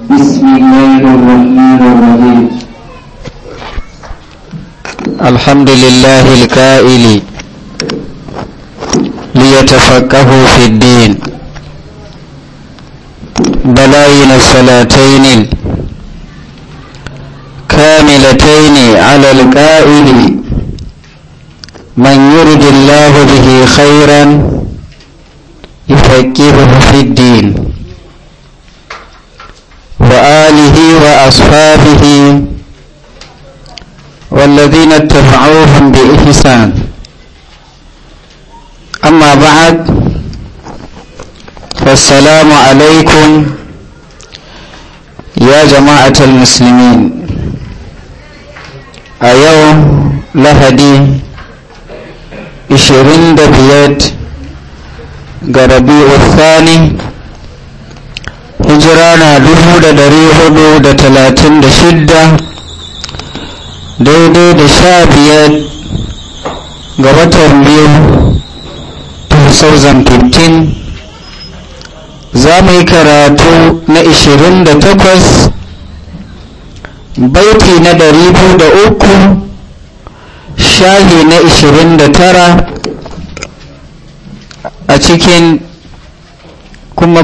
بسم الله الرحمن الرحيم الحمد لله الكائل ليتفقهوا في الدين بلاين الصلاتين كاملتين على الكائل من يرد الله به خيرا يفكره في الدين وآله وأصحابه والذين اتبعوهم بإحسان أما بعد فالسلام عليكم يا جماعة المسلمين اليوم لهدي 25 ga rabi'ul الثاني hijira na dubu da dari hudu da talatin da shidda daidai da sha biyar ga watan biyu 2015 za mu yi karatu na 28 baiti na dari biyu da uku shahi na 29 a cikin kuma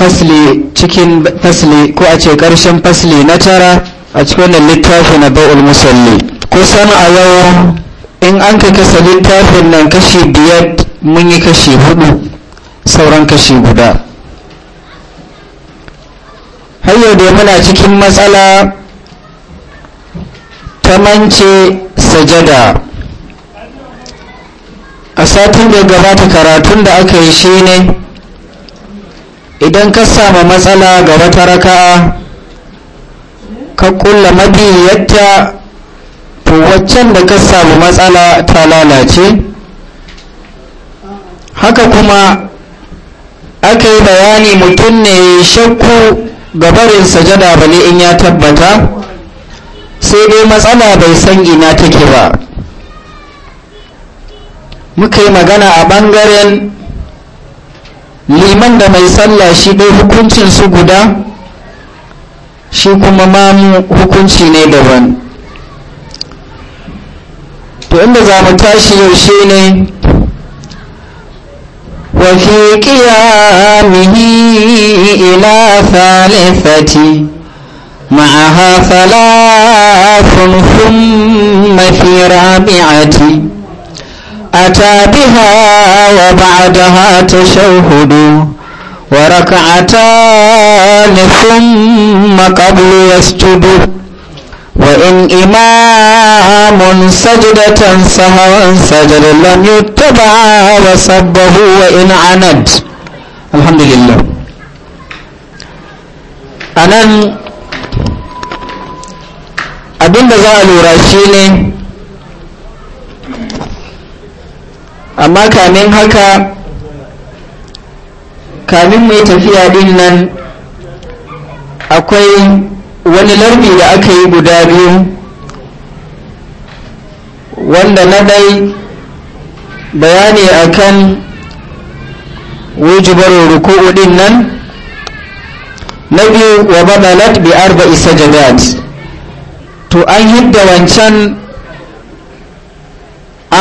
fasli cikin fasli ko a ce ƙarshen fasli na tara a cikin wannan littafi na ba'ul musalli kusan a yau in an ka kasa littafin nan kashi biyar mun yi kashi hudu sauran kashi guda har yau da muna cikin matsala ta mance sajada a satin da gabata karatun da aka yi shi ne idan ka samu matsala ga wata raka'a ka kulla mabiyatta to waccan da ka samu matsala ta lalace haka kuma aka yi bayani mutum ne shakku gabarin sajada bale in ya tabbata sai dai matsala bai san ina take ba muka yi magana a ɓangaren liman da mai sallah shi dai hukuncin su guda shi kuma mamu hukunci ne daban to inda za mu tashi yaushe ne وفي قيامه إلى ثالثة معها ثلاث ثم في رابعة أتى بها وبعدها تشهد وركعتان ثم قبل يسجد وإن إمام سجدة سهوا سجد لم يتبع وسبه وإن عند الحمد لله أنا أبن za a amma kamin haka kamin mai tafiya din nan akwai wani larbi da aka yi guda biyu wanda na dai bayani akan wujubar ruku din nan na biyu wa badalat bi isa sajadat to an hidda wancan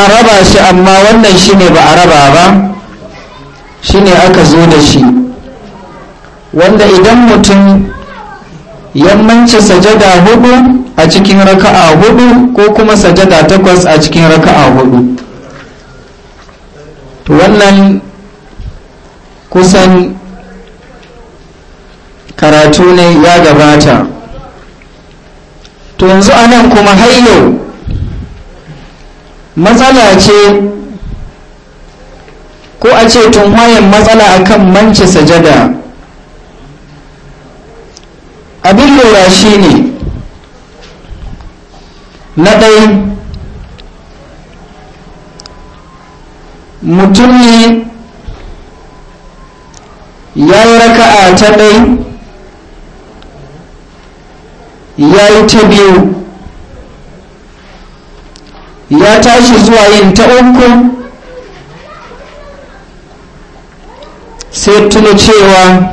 an raba shi amma wannan shi ne ba a raba ba ne aka zo da shi wanda idan mutum yammanci sajada hudu a cikin raka'a hudu ko kuma sajada takwas a cikin raka'a hudu wannan kusan karatu ne ya gabata to yanzu anan kuma har matsala ce ko a ce wayan matsala akan manci sajada abin lura shi ne na ɗai mutum ne ya yi raka'a ta ɗai ya yi ta biyu ya tashi zuwa yin ta uku sai tuna cewa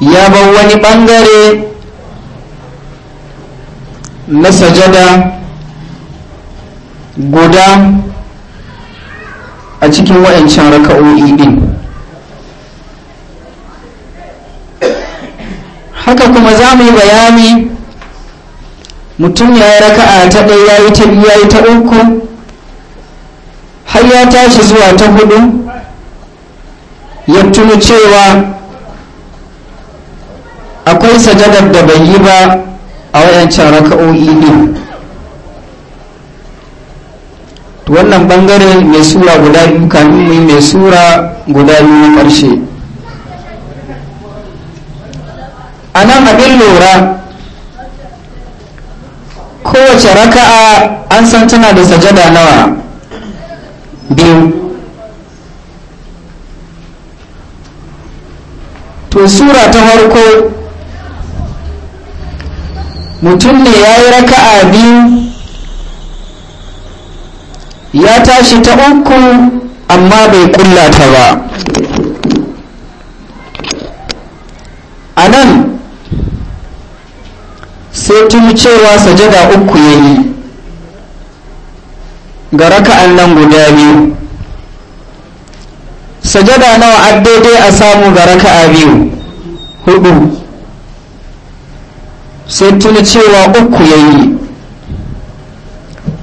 ya bar wani bangare na sajada guda a cikin waɗancan raka'o'i din haka kuma za mu yi bayani mutum ya yi raka'a ta ɗaya ya yi ta biyu ya yi ta uku har ya tashi zuwa ta hudu ya tuni cewa akwai sajadar da bai yi ba a wayancan raka'o'i ne wannan bangare mai sura guda biyu kanuni mai sura guda biyu na ƙarshe a nan abin lura kowace raka'a an san tana da sajada nawa biyu to sura ta farko mutum ne ya yi raka'a biyu ya tashi ta uku amma bai kulla ta ba a nan sai tun cewa sajada uku ya yi ga raka'an nan guda biyu sajada nawa a daidai a samu ga raka'a biyu hudu sai tun cewa uku ya yi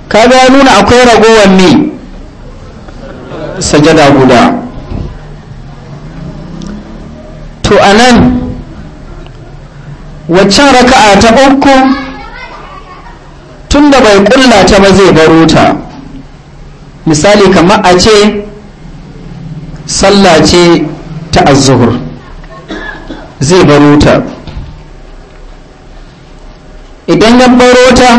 kaga ya nuna akwai ragowar ne sajada guda to anan waccan raka'a ta uku tunda bai kulla ta ba zai baro ta misali kamar a ce sallah ce ta azuhur zai baro ta idan ya baro ta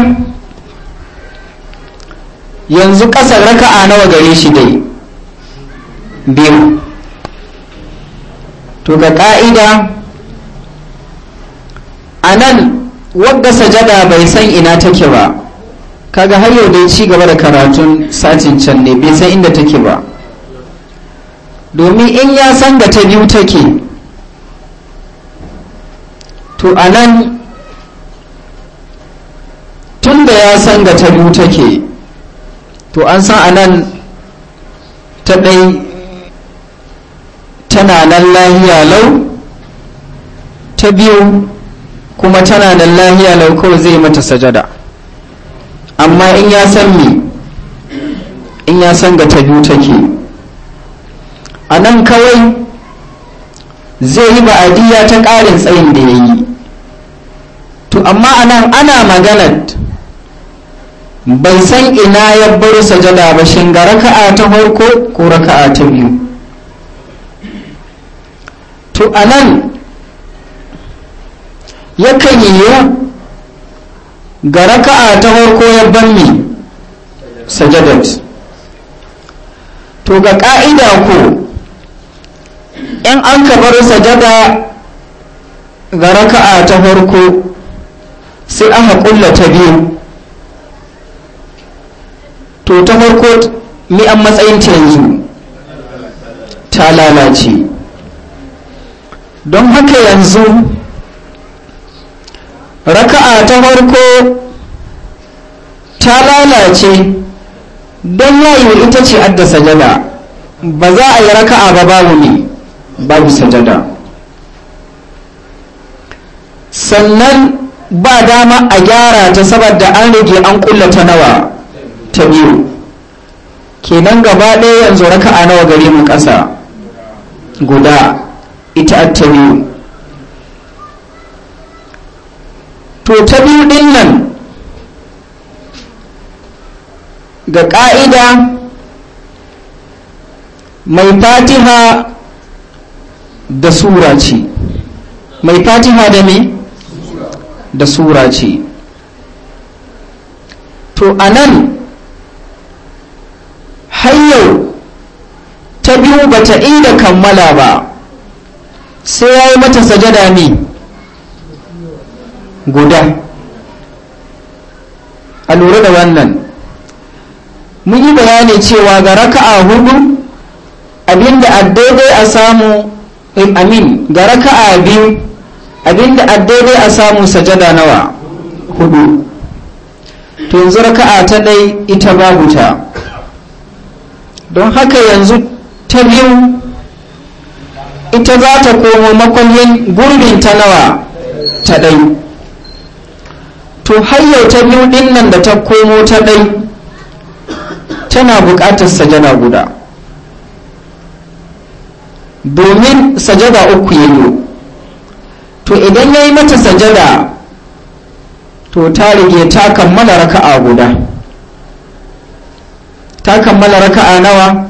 yanzu ƙasar raka'a nawa gare shi dai biyu to ga ƙa'ida a nan wadda sajada bai san ina take ba kaga har yau dai ci gaba da karatun satin can ne bai san inda take ba domin in ya san da ta biyu take to a nan tun da ya san da ta biyu take to an san a nan ta ɗai tana nan lahiya lau ta biyu kuma tana da lahiya lauko zai mata sajada amma in ya san me in ya san ga ta take a nan kawai zai yi ba'adiyya ta ƙarin tsayin da ya yi to amma a nan ana maganar bai san ina ya bar sajada ba shin ga raka'a ta farko ko raka'a ta biyu to a nan yakan yi yiwu ga raka'a ta farko ya banni sajadat to ga ka'ida ko in an ka bar sajada ga raka'a ta farko sai aka kulla ta biyu to ta farko ni an matsayin ta yanzu ta lalace don haka yanzu raka'a ta farko ta lalace don yayi ita ce adda sajada ba za a yi raka'a ba babu ne babu sajada sannan ba dama a gyara ta saboda an rage an kulla ta nawa ta biyu kenan gaba ɗaya yanzu raka'a nawa gare mu ƙasa guda ita ta biyu to ta biyu din nan ga ƙa'ida mai fatiha da sura ce mai fatiha da me da sura ce to a nan hanyar ta biyu ba ta inda kammala ba sai ya yi mata sajada ne guda a lura da wannan mun yi bayani cewa ga raka'a hudu abinda addaidai a samu eh, amin ga raka'a biyu abinda addaidai a samu sajada nawa hudu to yanzu raka'a ta dai ita babu ta don haka yanzu ta biyu ita za ta komo makwallin gurbin ta nawa ta dai to hayyau ta biyu din nan da ta komo ta ɗai tana buƙatar sajada guda domin sajada uku ya yi to idan ya yi mata sajada to ta rige ta kammala raka'a guda ta kammala raka'a nawa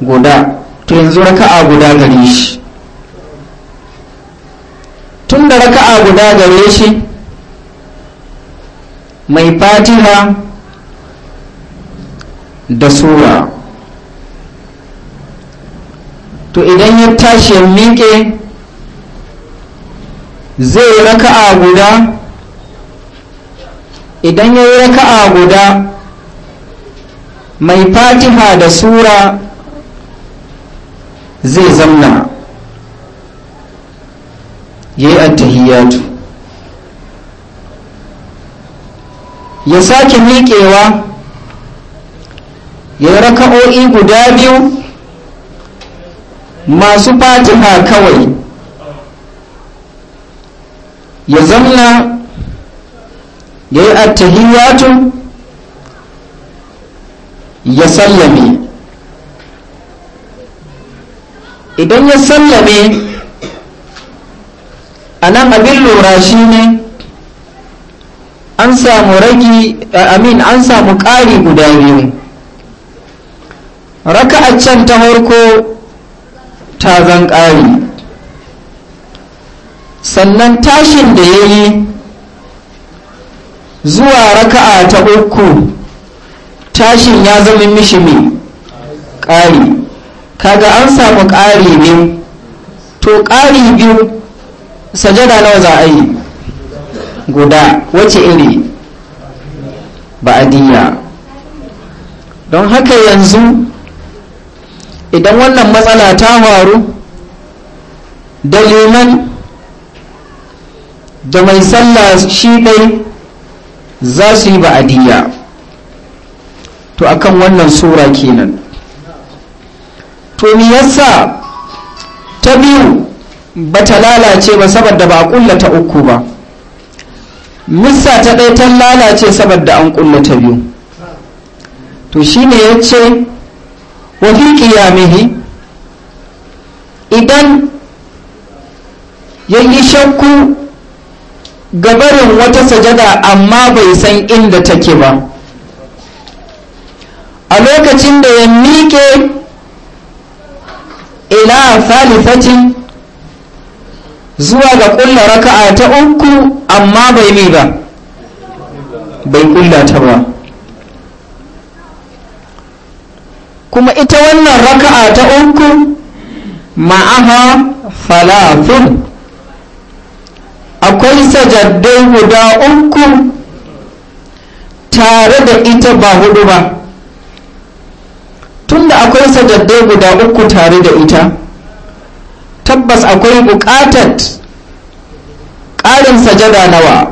guda to yanzu raka'a guda gare shi tun da raka'a guda gare shi mai fatiha da sura to idan ya tashi ya miƙe zai raka'a guda idan ya yi raka'a guda mai fatiha da sura zai zamna ya yi attahiyatu ya sake miƙewa ya yi raka'o'i guda biyu masu fatima kawai ya zamna ya yi attahiyatu ya sallame idan ya sallame a nan abin lura shi ne an samu ragi amin an samu ƙari guda biyu a can ta farko ta zan ƙari sannan tashin da ya yi zuwa raka'a ta uku tashin ya zama mishi mai ƙari kaga an samu ƙari ne to ƙari biyu sajada nawa za a yi guda wace iri ba'adiyya don haka yanzu idan wannan matsala ta faru da liman da mai sallah shi dai za su yi ba'adiyya to akan wannan sura kenan to yasa ta biyu ba ta lalace ba saboda ba a ta uku ba missa ta ɗaya ta lalace saboda an ƙulla ta biyu to shine ya ce wafi ƙiyamihi idan ya yi shakku gabarin wata sajada amma bai san inda take ba a lokacin da ya miƙe ila falifatin zuwa ga kulla raka'a ta uku amma bai mi ba bai kulla ta ba kuma ita wannan raka'a ta uku ma'aha falafin akwai sajaddai guda uku tare da ita ba hudu ba tunda akwai sajaddai guda uku tare da ita tabbas akwai buƙatar ƙarin sajada nawa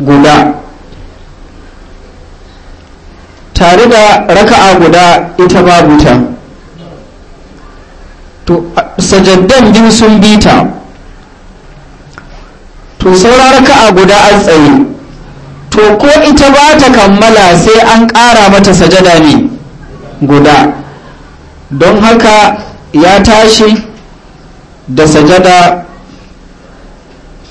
guda tare da raka'a guda ita babu ta to sajaddan biyu sun bita ta to saura raka'a guda a tsaye to ko ita ba ta kammala sai an ƙara mata sajada ne guda don haka ya tashi da sajada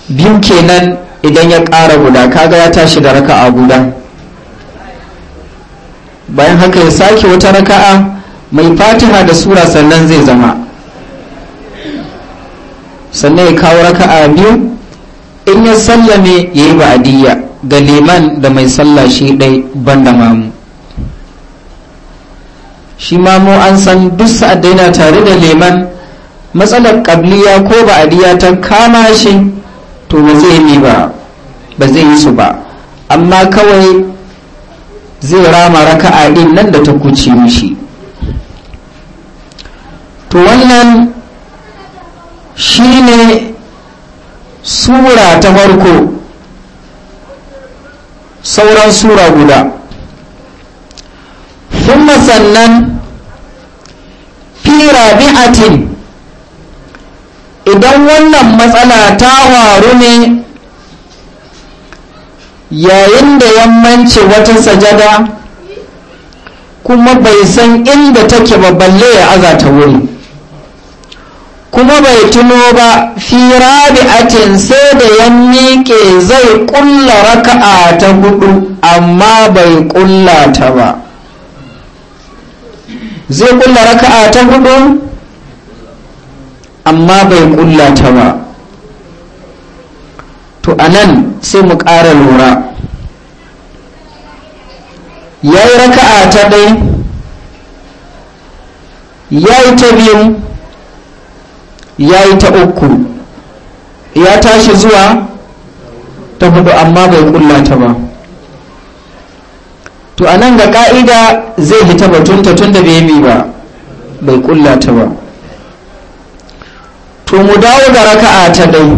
biyu kenan idan ya ƙara guda kaga ya tashi da raka'a guda bayan haka ya sake wata raka'a mai fatiha da sura sannan zai zama sannan ya kawo raka'a biyu in ya sallame ya yi ba'adiyya ga liman da mai sallah shi ɗai banda mamu shi mamu an san duk sa'ad tare da liman matsalar ƙabliya ko ba'aliya ta kama shi to ba zai yi ba ba zai yi su ba amma kawai zai rama raka'a din nan da ta kuce mishi to wannan shine sura ta farko sauran sura guda kuma sannan fi rabi'atin idan wannan matsala ta faru ne yayin da yammanci wata sajada kuma bai san inda take ba balle ya aza ta wuri kuma bai tuno ba fi atin sai da ya miƙe zai ƙulla raka'a ta hudu amma bai ƙulla ta ba zai ƙulla raka'a ta hudu amma bai kulla ta ba to a nan sai mu ƙara lura ya yi raka'a ta ɗai ya yi ta biyu ya yi ta uku ya tashi zuwa ta hudu amma bai kulla ta ba to a nan ga ka'ida zai hita batunta tun da bai yi ba bai kulla ta ba to mu dawo ga raka'a ta ɗai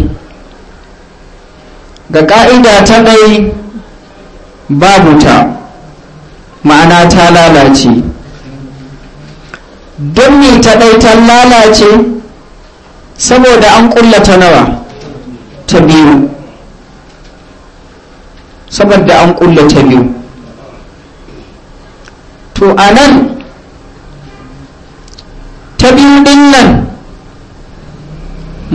ga ƙa'ida ta ɗai babu ta ma'ana ta lalace don me ta ɗai ta lalace saboda an ƙulla ta nawa ta biyu saboda an ƙulla ta biyu to a nan ta biyu ɗin nan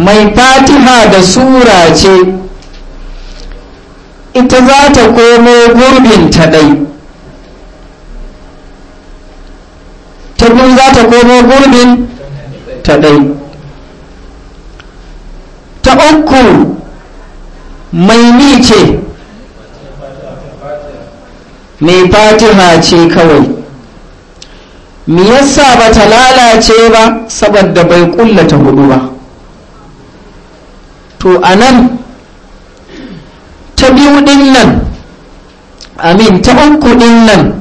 mai fatiha da sura ce ita za ta komo gurbin ta ɗai ta za ta komo gurbin ta ɗai ta uku mai ni ce mai fatiha ce kawai me yasa ba ta lalace ba saboda bai kullata ta hudu ba to a nan ta biyu ɗin nan amin ta uku ɗin nan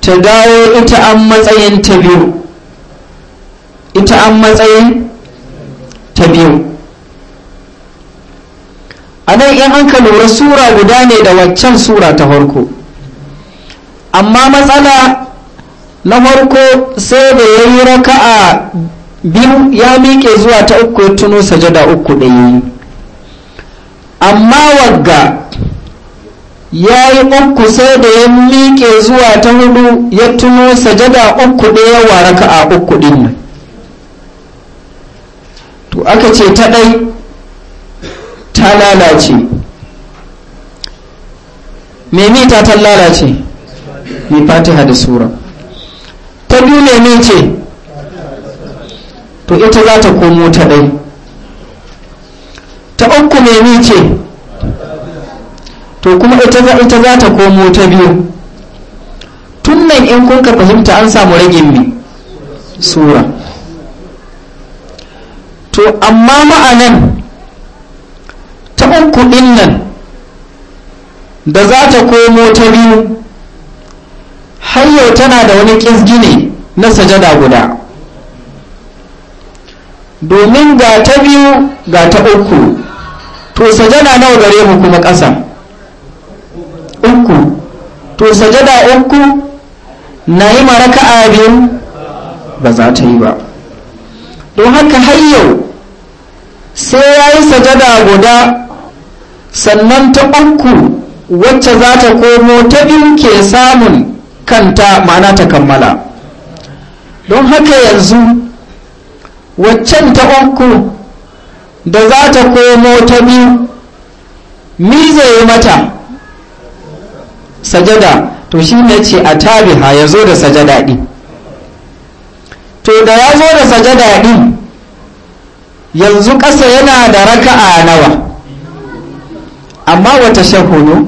ta dawo ita an matsayin ta biyu ita an matsayin ta biyu a nan in an ka lura sura guda ne da waccan sura ta farko amma matsala na farko sai da ya yi raka'a biyu ya miƙe zuwa ta uku ya tuno sajada uku yi amma wagga ya yi uku sai da ya miƙe zuwa ta hudu ya tuno sajada uku wara ka a uku din nan to aka ce ta ɗai ta lalace meme ta ta lalace mai fatiha da sura ta biyu meme ce to ita za ta komo ta ɗai ta uku mai ce to kuma ita za ta komo ta biyu tun nan in kun ka fahimta an samu ragin bi sura to amma ma'anan ta uku ɗin nan da za ta komo ta biyu har yau tana da wani ƙizgi ne na sajada guda domin ga ta biyu ga ta uku to sajada nawa gare mu kuma ƙasa uku to sajada uku na yi maraka a biyu ba za ta yi ba don haka har yau sai ya yi sajada guda sannan ta uku wacce za ta komo ta biyu ke samun kanta ma'ana ta kammala don haka yanzu waccan ta uku da za ta komo ta biyu mi zai yi mata sajada to shi ne ce a tabiha ya zo da sajada ɗi to da ya zo da sajada ɗi yanzu ƙasa yana da raka'a nawa amma wata shahudu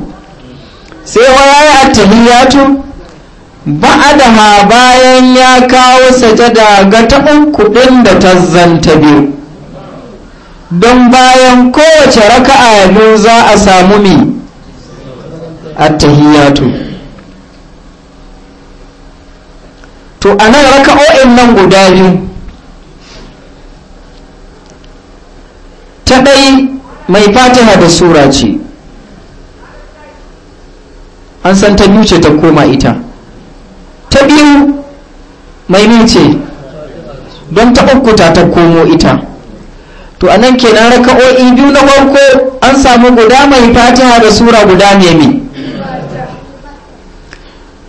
sai wa ya yi attahiyatu ba'adama bayan ya kawo sajada ga taɓin kuɗin da ta zanta biyu don bayan kowace raka'a biyu za a samu mi attahiyatu to a nan raka'o'in nan guda biyu ta ɗai mai fatiha da sura ce an san ta biyu ce ta koma ita ta biyu mai ce don ta ta komo ita to a nan kenan raka'o'i biyu na farko an samu guda mai fatiha da sura guda nemi.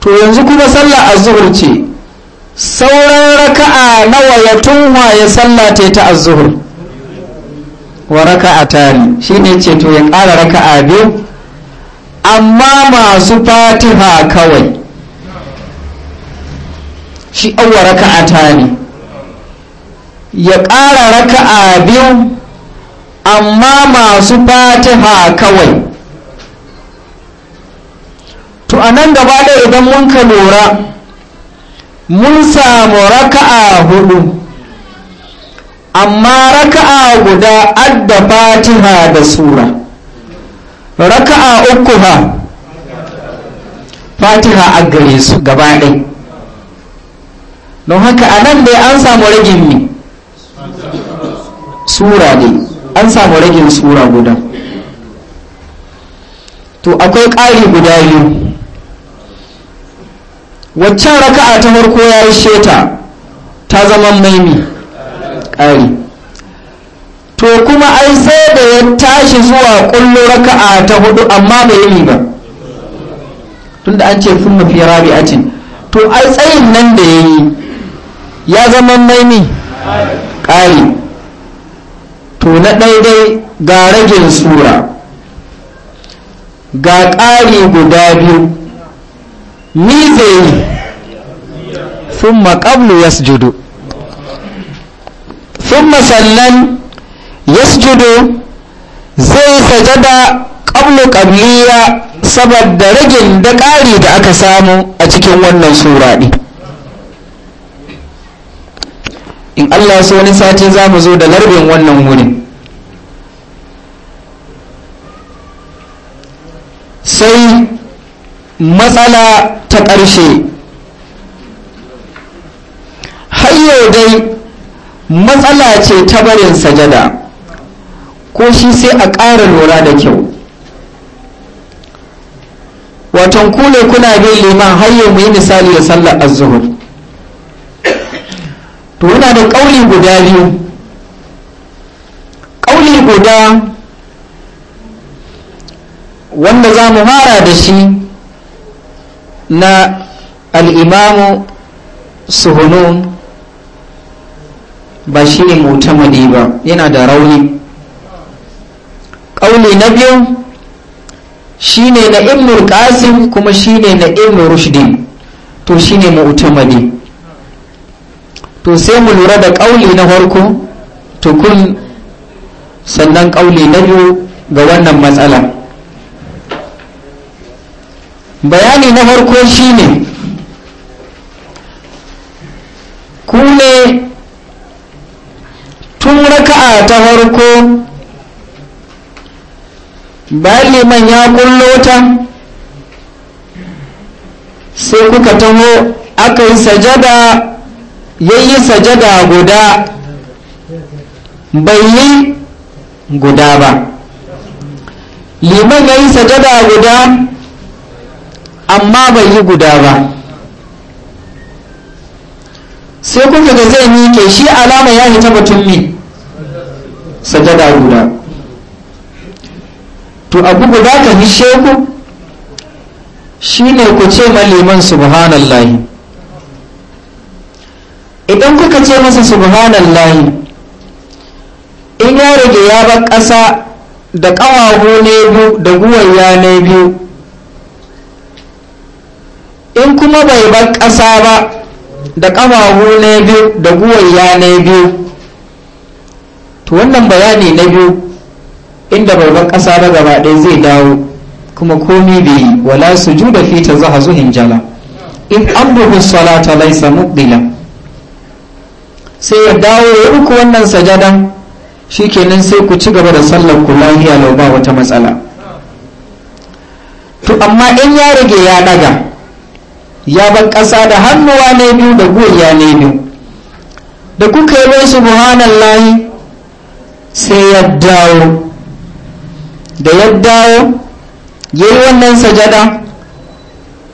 to yanzu kuma sallah zuhur ce sauran raka'a nawa ya tunwa ya sallah ta ta zuhur? wa raka'a tari ne ce to ya ƙara raka'a biyu amma masu fatiha kawai shi Awa raka'a ta ne ya ƙara raka'a biyu amma masu fatiha kawai to a nan gaba ɗaya idan mun ka lura mun samu raka'a hudu amma raka'a guda adda fatiha da sura raka'a uku ha fatiha a gare su gaba ɗaya don haka a nan dai an samu ragin ne sura dai an samu ragin tsura guda to akwai ƙari guda biyu waccan raka'a ta harko ya yi sheta ta zama maimi ƙari to kuma ai sai da ya tashi zuwa ƙullo raka'a ta hudu amma bai yi ba tunda an ce fi mafi rabi'atin to ai tsayin nan da ya yi ya zama mai mi ƙari to na ɗaiɗai ga ragin tsura ga ƙari guda biyu ni zai yi sun maƙablu ya sujudu sun masallan ya sujudu zai sajada ƙablu ƙabliya saboda ragin da ƙari da aka samu a cikin wannan sura ɗin in allah so wani sati za mu zo da larbin wannan wurin sai matsala ta ƙarshe hayo dai matsala ce ta barin sajada ko shi sai a ƙara lura da kyau watan kule kuna bin liman hayo mu yi misali ya sallar azuhur to yana da ƙauli guda biyu ƙauli guda wanda za mu fara da shi na al'imamu suhunun ba shi ne mutamadi ba yana da rauni ƙauli na biyu shi ne na imur ƙasim kuma shi ne na imur to shi ne mutamadi to sai mu lura da ƙauli na farko tukun sannan ƙauli na biyu ga wannan matsala bayani na farko shine ku ne tun raka'a ta farko bayan liman ya kullo ta sai kuka taho aka yi sajada ya yi sajada guda bai yi guda ba liman ya yi sajada guda amma bai yi guda ba sai kuka ga zai mike shi alama ya yi batun mi sajada guda to abu guda ka sheku shi ne ku ce ma liman subhanallahi idan kuka ce masa subhanallahi in ya rage ya bar ƙasa da ƙawaho ne biyu da guwayya ne biyu in kuma bai bar ƙasa ba da ƙawaho ne biyu da guwayya ne biyu to wannan bayani na biyu inda bai bar ƙasa ba gaba ɗaya zai dawo kuma komi bai yi wala su juda fita za a zuhin jala in an amruhu salata laisa mubila. sai ya dawo ya uku wannan sajadan shikenan sai ku ci gaba da sallar ku lahiya lau ba wata matsala to amma in ya rage ya daga ya bar ƙasa da hannuwa ne biyu da goya na biyu da kuka yi bai subhanallahi sai ya dawo da ya dawo ya yi wannan sajada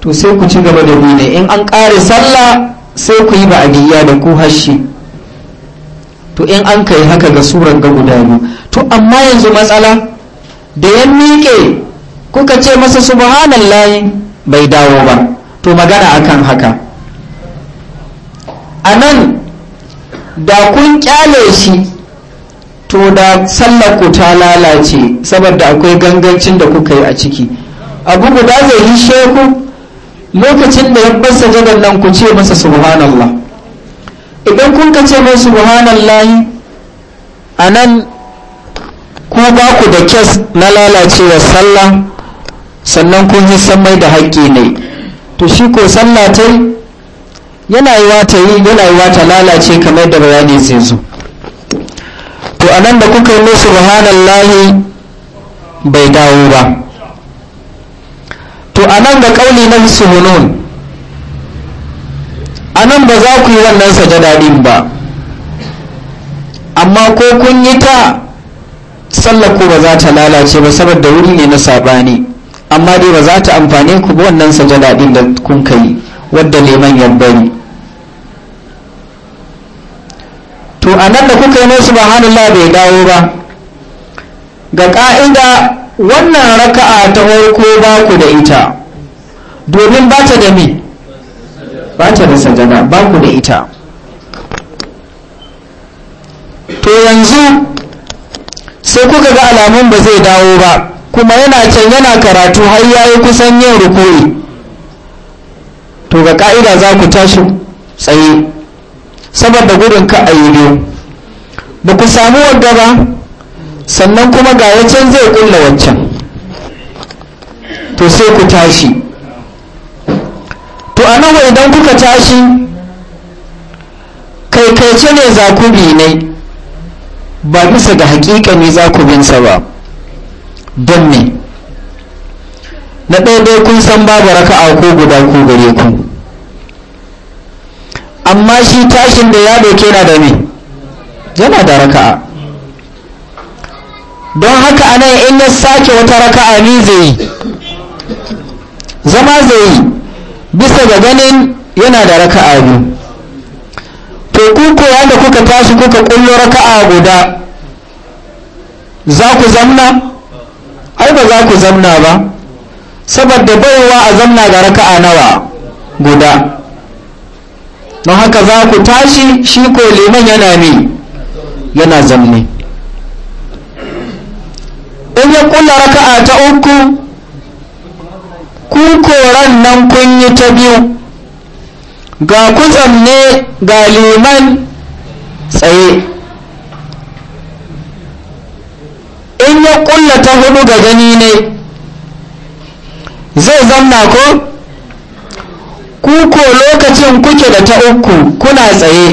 to sai ku ci gaba da bi in an ƙare sallah sai ku yi ba'adiyya da ku hashi to in an kai haka ga surar ga guda biyu to amma yanzu matsala da ya miƙe kuka ce masa subhanallahi bai dawo ba to magana akan haka a nan da kun kyale shi to da sallar ku ta lalace saboda akwai gangancin da kuka yi a ciki abu guda zai yi sheku lokacin da ya bar sajadar nan ku ce masa subhanallah idan kun ka ce mai subhanallahi a nan ku ba ku da kes na lalacewa sallah sannan kun yi samai da haƙƙi ne to shi ko sallah ta yana yi wata yi yana yi wata lalace kamar da bayani zai zo to a nan da kuka yi mai subhanallahi bai dawo ba to a nan ga ƙauli na hunun. a nan ba za ku yi wannan sa din ba amma ko kun yi ta sallar ku ba za ta lalace ba saboda wuri ne na sabani amma dai ba za ta amfane ku ba wannan sa da kun kai wadda neman ya to a nan da kuka yi na subhanallah bai dawo ba ga ka'ida wannan raka'a ta farko ba ku da ita domin ba ta da mi. ba da sajada ba ku da ita to yanzu sai kuka ga alamun ba zai dawo ba kuma yana can yana karatu har ya yi kusan yin rukuri to ga ka'ida za ku tashi tsaye saboda gudun ka a yi ba ku samu wadda ba sannan kuma ga wancan zai kulla wancan to sai ku tashi a nan idan kuka tashi kaikaice ne zakubi ne ba bisa ga hakika ne zakubinsa ba don ne na ɗaiɗai kun san babu raka'a ko guda ko gare ku amma shi tashin da ya doke na da ne yana da raka'a don haka anan in ya sake wata raka'a ni zai yi zama zai yi bisa ga ganin yana da raka'a biyu to ku ko kuka tashi kuka kullo raka'a guda za ku zamna ai ba za ku zamna ba saboda baiwa a zamna ga raka'a nawa guda don haka za ku tashi shi ko liman yana ne yana zamne in ya kulla raka'a ta uku ku koran nan kun yi ta biyu ga ku ne ga liman tsaye in ya kulla ta hudu ga gani ne zai zanna ko ku ko lokacin kuke da ta uku kuna tsaye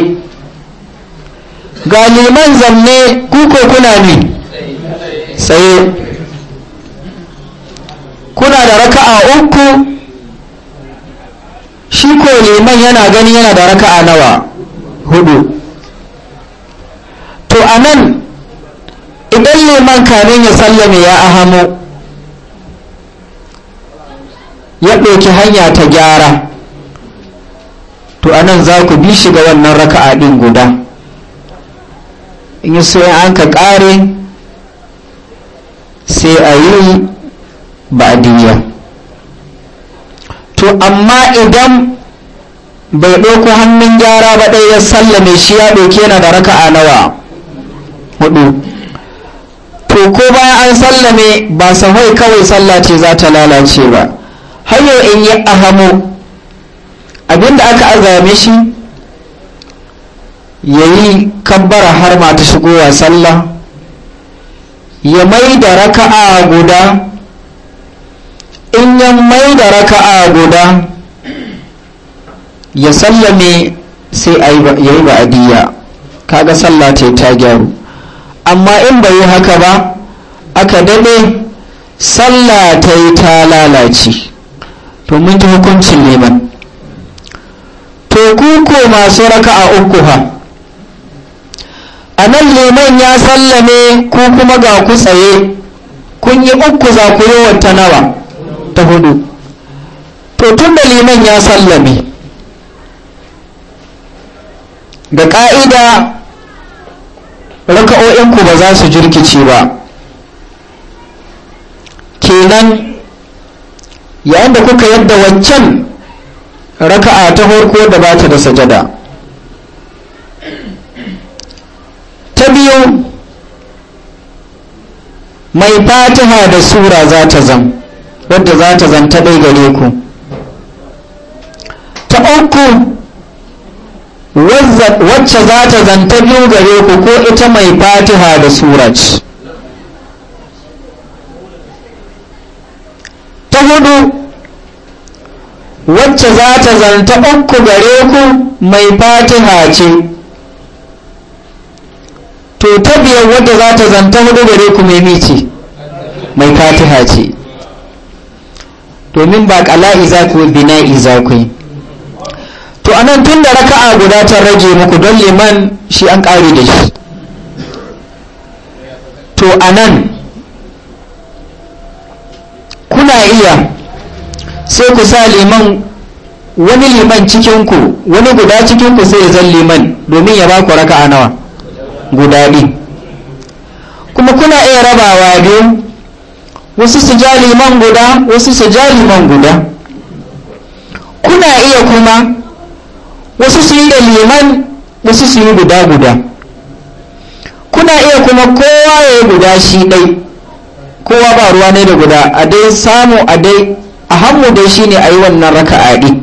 ga liman zamne ku ko kuna ne tsaye kuna da raka'a uku shi ko liman yana gani yana da raka'a nawa hudu to a nan idan liman kamin ya sallame ya ahamo ya ɗauki hanya ta gyara to a nan za ku bi shi ga wannan raka'a ɗin guda in yi so an ka ƙare sai a yi ba'adiyya to amma idan bai ɗauko hannun gyara ba ɗaya ya sallame shi ya ɗauke yana da raka'a nawa hudu to ko bayan an sallame ba sahoi kawai sallah ce za ta lalace ba hanyar in yi Abin abinda aka azame shi ya yi kabbara har ma ta shigowa sallah ya mai da raka'a guda in ya mai da raka'a guda ya sallame sai ya yi ba'adiyya kaga sallah yi ta gyaru amma in bai yi haka ba aka dade sallah ta yi ta lalace to mun ji hukuncin neman to kuko masu raka'a uku ha a nan liman ya sallame ko kuma ga ku tsaye kun yi uku za ku yi wata nawa ta hudu to tun da liman ya sallame da ƙa'ida raka'o'inku ba za su jirkice ba kenan yayin da kuka yadda waccan raka'a ta farko da ba ta da sajada ta biyu mai fatiha da sura za ta zama wadda za ta zanta ɗai gare ku ta uku wacce za ta zanta biyu gare ku ko ita mai fatiha da surat ta hudu wacce za ta zanta uku gare ku mai fatiha ce to ta biyar wadda za ta zanta hudu gare ku mai mici mai fatiha ce domin ba kala'i za ku bina'i za ku yi to anan tun da raka'a guda ta rage muku don liman shi an ƙare da shi to anan kuna iya sai ku sa liman wani liman cikinku wani guda cikinku sai ya zan liman domin ya ba ku raka'a nawa guda biyu kuma kuna iya rabawa biyu wasu su ja liman guda wasu su ja liman guda kuna iya kuma wasu su yi da liman wasu su yi guda guda kuna iya kuma kowa ya yi guda shi ɗai kowa ba ruwa ne da guda a dai samu a dai a hannu dai shi ne a yi wannan raka ɗi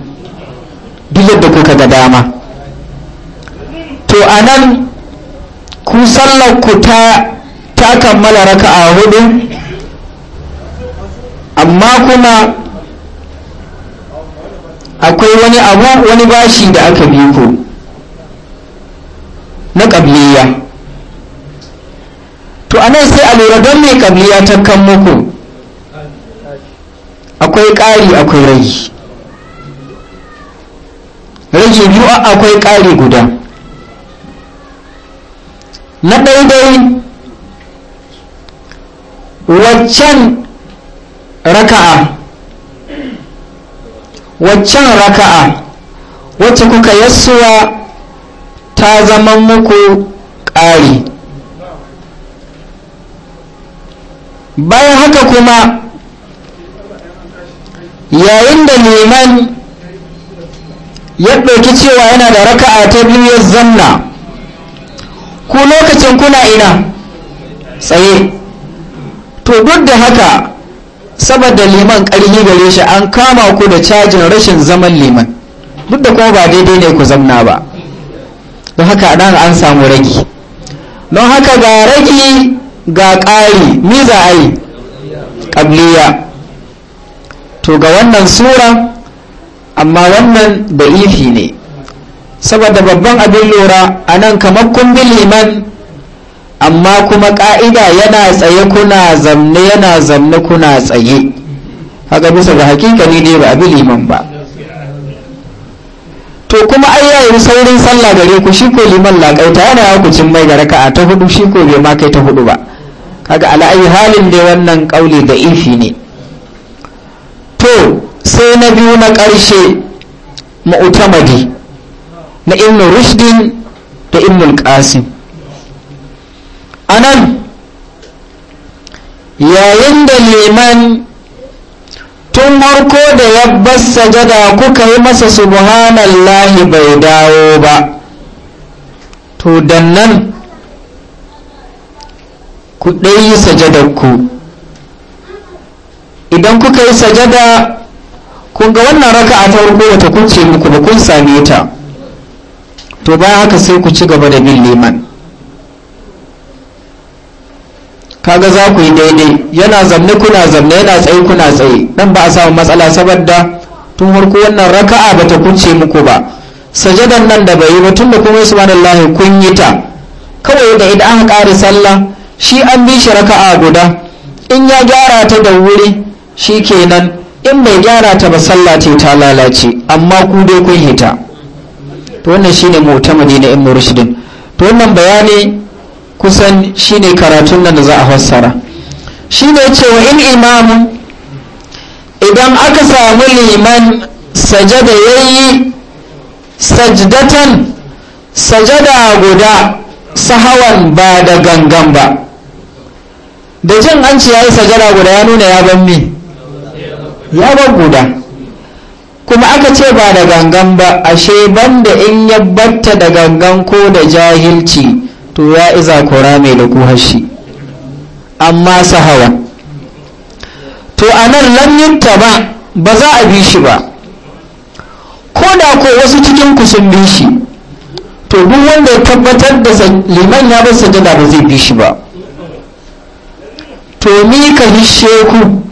duk yadda kuka ga dama to a nan ku sallar ku ta kammala raka a hudu amma kuma akwai wani abu wani bashi da aka bi ku na ƙabliya to a sai a lura don mai ƙabliya ta kan muku akwai ƙari akwai rage rage biyu akwai ƙari guda na daidai waccan raka'a waccan raka'a wacce kuka yassuwa ta zama muku ƙari bayan haka kuma yayin da neman ya ɗauki cewa yana da raka'a ta biyu ya zanna ku lokacin kuna ina tsaye to duk da haka saboda liman ƙarfi gare shi an kama ku da cajin rashin zaman liman duk da kuma ba daidai ne ku zamna ba don haka a nan an samu ragi don haka ga ragi ga ƙari mi za a yi ƙabliya to ga wannan sura amma wannan da ifi ne saboda babban abin lura a nan kamar kumbin liman amma kuma ƙa'ida yana tsaye kuna zamne yana zamne kuna tsaye haka bisa ga hakika ne dai ba abi liman ba to kuma ai yayi saurin sallah gare ku shi ko liman laƙaita yana ku cin mai da raka'a ta hudu shi ko bai ma kai ta hudu ba kaga ala ayi halin dai wannan kauli da ifi ne to sai na biyu na ƙarshe mu'tamadi na ibn rushdin da ibn qasim a yayin da liman tun harko da ya bar sajada kuka yi masa subhanallahi bai dawo ba to dan nan ku ɗayi sajadarku idan kuka yi sajada kun ga wannan raka a farko wata kun ce muku ba kun same ta to ba haka sai ku ci gaba da bin liman kaga za ku yi daidai yana zamne kuna zamne yana tsaye kuna tsaye dan ba a samu matsala saboda tun farko wannan raka'a bata ta kunce muku ba sajadan nan da bai yi da kuma subhanallahi kun yi ta kawai da idan aka ƙare sallah shi an bi shi raka'a guda in ya gyara ta da wuri shi kenan in bai gyara ta ba sallah ce ta lalace amma ku dai kun hita to wannan shine mu'tamadi na ibn rushdin to wannan bayani kusan shine karatun nan da za a fassara Shi shine cewa in imamu idan aka samu liman sajada yi sajdatan sajada guda sahawan ba da gangan ba da jin an ce ya yi sajada guda ya nuna ya ban mi ya ban guda kuma aka ce ba da gangan ba ashe banda in ya batta da gangan ko da jahilci to ya iza kura mai da kuhashi amma sahawa to a nan ta ba ba za a bi shi ba ko da ko wasu cikin kusur sun bi shi to duk wanda ya tabbatar da liman ya basu sajada ba zai bi shi ba to mi ka hisheku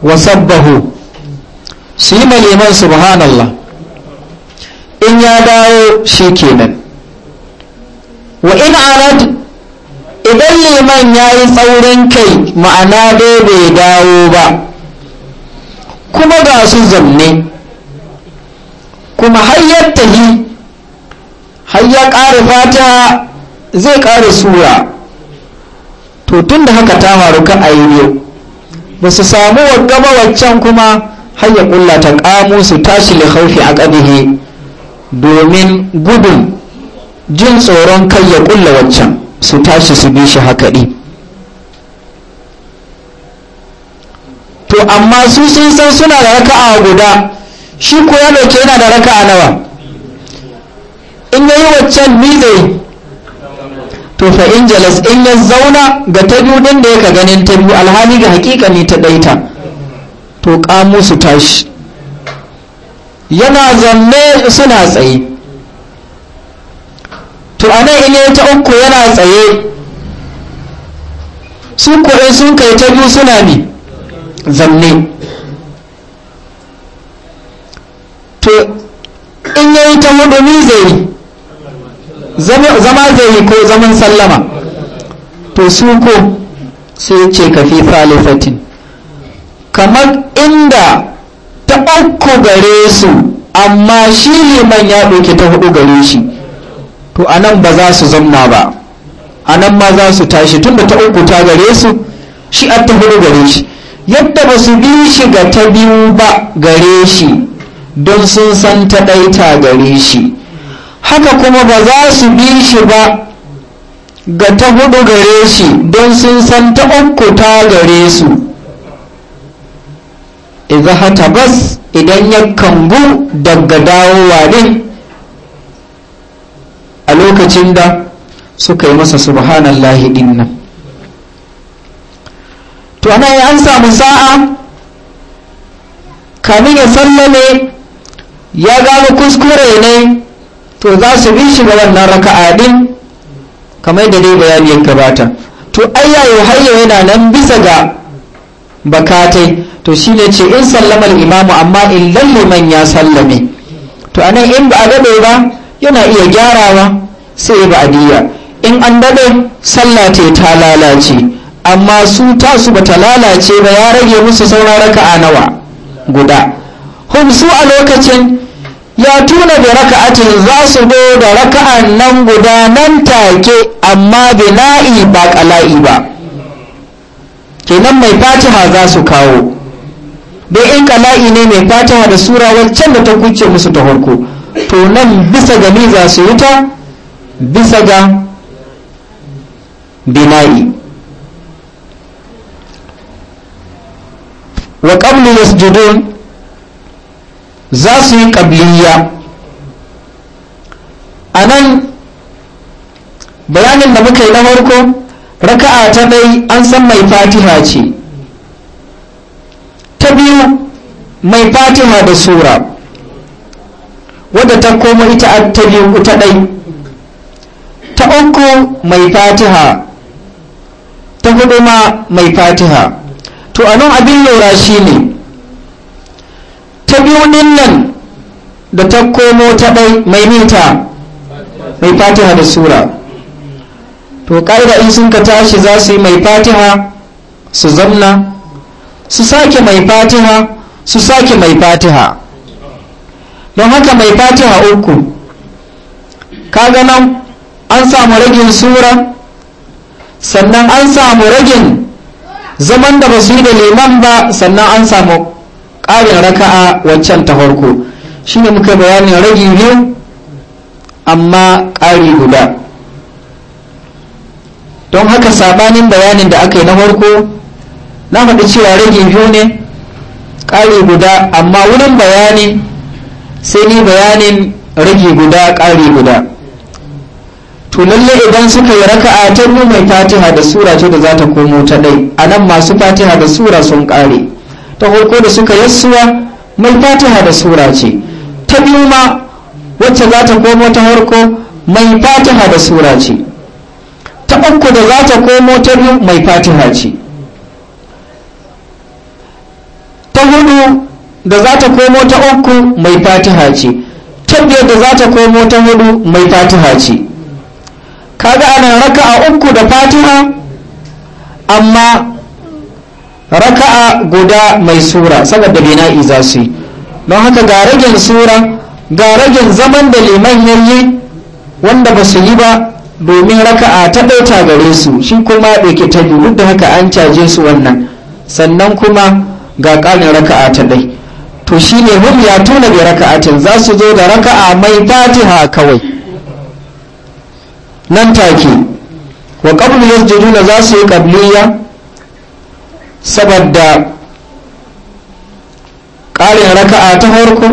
wa sabbahu su yi liman subhanallah in ya dawo shi kenan wa in arad idan liman ya yi tsaurin kai ma'ana dai bai dawo ba kuma ga su zanne. kuma hayyar tahi hayya ƙara fata zai ƙara sura to tun da haka ta faru kan a yi ba su samu gaba waccan kuma hayya ƙulla ta ƙamu su tashi da a ƙadihi domin gudun jin tsoron kai ya kulla waccan su tashi su bi shi hakaɗi to amma su sun san suna da raka'a guda shi ko ya dauke yana da raka'a nawa in ya yi waccan ni zai to fa in jalas in ya zauna ga ta biyu din da yaka ganin ta biyu alhali ga hakika ne ta ɗaita. to kamo su tashi yana zanne suna tsaye to a nan in ta uku yana tsaye su kuɗi sun kai ta biyu suna bi zanne to in yayi ta hudu ni zai zama zai yi ko zaman sallama to su ko sai ce ka fi falifatin kamar inda ta uku gare su amma shi man ya ɗauki ta hudu gare shi to a nan ba za su zamna ba a nan ma za su tashi tunda ta uku ta gare su shi a ta hudu gare shi yadda ba su bi shi ga ta biyu ba gare shi don sun san ta ɗaita gare shi haka kuma ba za su bi shi ba ga ta hudu gare shi don sun san ta uku ta gare su idan idan ya kambu daga dawowa din lokacin da suka yi masa subhanallahi din nan to ana yi an samu sa'a kamin ya sallame ya gano kuskure ne to za su bi shi ga wannan raka'a din kamar da dai bayani ya gabata to ayyayo hayyo yana nan bisa ga bakatai to shi ne ce in sallama imamu amma in lalle man ya sallame to anan in ba a gabe ba yana iya gyarawa sai ba biya in an dade sallah ta ta lalace amma su tasu ta lalace ba ya rage musu sauran raka'a nawa guda hum a lokacin ya tuna da raka'atin za su go da raka'an nan guda nan take amma na'i ba kala'i ba kenan mai fatiha za su kawo bai in kala'i ne mai fatiha da sura wancan da ta kuce musu ta harko to nan bisa gami za su yi ta bisa ga bina'i wa qablu yasjudun za su yi qabliya anan bayanin da muka yi na farko raka'a ta dai an san mai fatiha ce ta biyu mai fatiha da sura wadda ta koma ita ta biyu ta dai ta uku mai fatiha ta hudu ma mai fatiha to a nan abin lura shi ne ta biyu nan da ta komo ta ɗai mai minta mai fatiha da sura to ƙa'ida in sun ka tashi za su yi mai fatiha su zamna su sake mai fatiha su sake mai fatiha don haka mai fatiha uku ka nan an samu ragin sura sannan an samu ragin zaman da ba su yi da liman ba sannan an samu ƙarin raka'a wancan ta farko shi ne muka bayanin ragi biyu amma ƙari guda don haka sabanin bayanin da aka yi na farko na faɗi cewa ragi biyu ne ƙari guda amma wurin bayani sai ni bayanin ragi guda ƙari guda to lalle idan suka yi raka'a ta biyu mai fatiha da sura ce da za ta komo ta ɗai a nan masu fatiha da sura sun kare. ta farko da suka yi suwa mai fatiha da sura ce ta biyu ma wacce za ta komo ta farko mai fatiha da sura ce ta uku da za ta komo ta biyu mai fatiha ce ta hudu da za ta komo ta uku mai fatiha ce ta biyar da za ta komo ta hudu mai fatiha ce kaga ana raka'a uku da fatiha amma raka'a guda mai sura saboda bina'i za su yi don haka ga ragen sura ga ragen zaman da liman yayi wanda ba su yi ba domin raka'a ta ɗauta gare su shi kuma ɗauke ta biyu da haka an caje su wannan sannan kuma ga ƙarin raka'a ta ɗai to shine hum ya tuna bi raka'atin za su zo da raka'a mai fatiha kawai nan take wa qablu yasjuduna za su yi qabliya saboda ƙarin raka'a ta farko